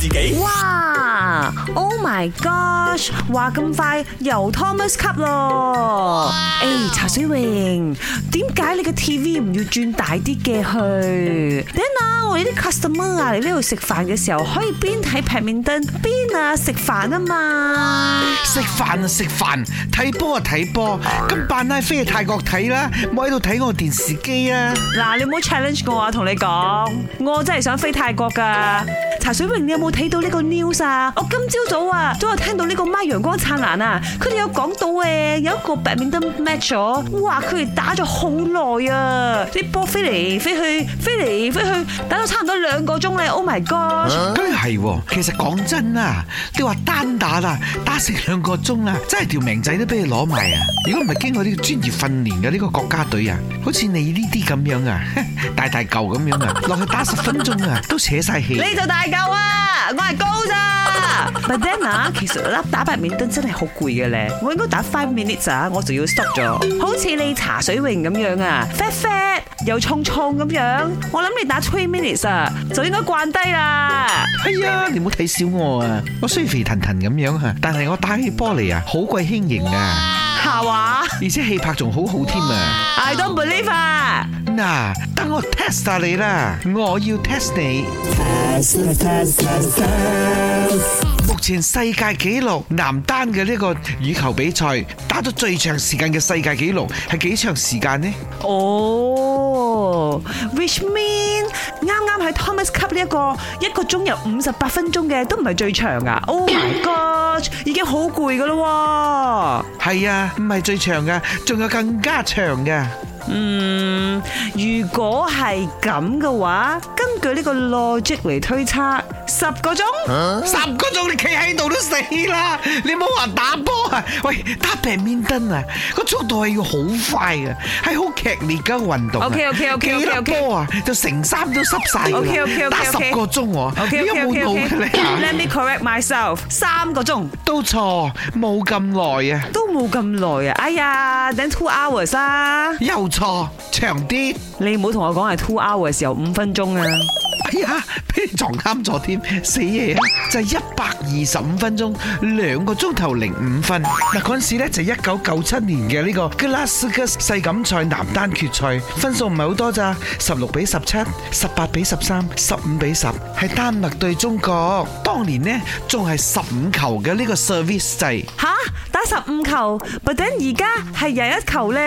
自己哇！Oh my gosh，話咁快又 Thomas Cup 咯！誒哇，hey, 茶水榮，點解 你個 TV 唔要轉大啲嘅？去 d a 我哋啲 customer 啊嚟呢度食飯嘅時候，可以邊睇平面燈邊啊食飯啊嘛！食飯啊食飯，睇波啊睇波，咁扮拉飛去泰國睇啦，唔好喺度睇我電視機啊！嗱，你唔好 challenge 我啊！同你講，我真係想飛泰國噶，小明，水你有冇睇到呢個 news 啊？我今朝早，早啊，都有聽到呢個邁陽光燦爛啊，佢哋有講到誒、啊，有一個 badminton match 咗，哇！佢哋打咗好耐啊，啲波飛嚟飛去，飛嚟飛去，打咗差唔多兩個鐘咧。Oh my god！梗係喎，其實講真啊，你話單打啊，打成兩個鐘啊，真係條命仔都俾佢攞埋啊！如果唔係經過呢個專業訓練嘅呢個國家隊啊，好似你呢啲咁樣啊，大大舊咁樣啊，落去打十分鐘啊，都扯晒氣。你就大有啊，我係高咋。But then 啊，其實粒打白面燈真係好攰嘅咧。我應該打 five minutes 啊，我就要 stop 咗。好似你茶水泳咁樣啊，fat fat 又冲冲咁樣。我諗你打 three minutes 啊，就應該慣低啦。係啊、哎，你唔好睇小我啊。我雖然肥騰騰咁樣啊，但係我打起波嚟啊，好鬼輕盈啊。下話，而且氣魄仲好好添啊！I don't believe 啊。嗱，等我 test 下你啦，我要 test 你。目前世界紀錄男單嘅呢個羽球比賽打到最長時間嘅世界紀錄係幾長時間呢？哦，wish me？係 Thomas Cup 呢一個一個鐘有五十八分鐘嘅，都唔係最長啊！Oh my God，C suggestions 已經好攰噶咯喎。係啊，唔係最長噶，仲有更加長噶。嗯，如果係咁嘅話，根據呢個 logic 嚟推測，十個鐘，十個鐘你企喺度都死啦！你冇話打波啊，喂打 badminton 啊，個速度係要好快嘅，係好劇烈嘅運動。O K O K O K O K O K，幾多波啊？就成衫都濕晒。O K O K O K，打十個鐘我，你都冇。Let me correct myself，三個鐘都錯，冇咁耐啊，都冇咁耐啊，哎呀，then two hours 啊，又。錯，長啲，你唔好同我講係 two hour 嘅時候五分鐘啊！哎呀，俾你撞啱咗添，死嘢啊！就係一百二十五分鐘，兩個鐘頭零五分。嗱嗰陣時咧就係一九九七年嘅呢個 Glasgow 世錦賽男單決賽，分數唔係好多咋，十六比十七、十八比十三、十五比十，係丹麥對中國。當年呢，仲係十五球嘅呢個 service 制。吓！十五球，但而家係廿一球呢？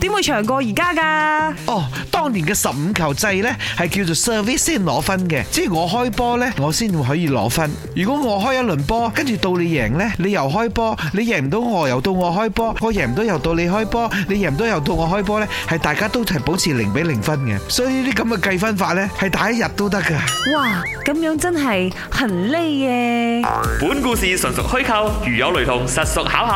點會長過而家噶？哦，當年嘅十五球制呢，係叫做 service 先攞分嘅，即係我開波呢，我先可以攞分。如果我開一輪波，跟住到你贏呢，你又開波，你贏唔到我，又到我開波，我贏唔到又到你開波，你贏唔到又到我開波呢，係大家都係保持零比零分嘅。所以呢啲咁嘅計分法呢，係打一日都得噶。哇，咁樣真係很累嘅。本故事純屬虛構，如有雷同，實屬巧合。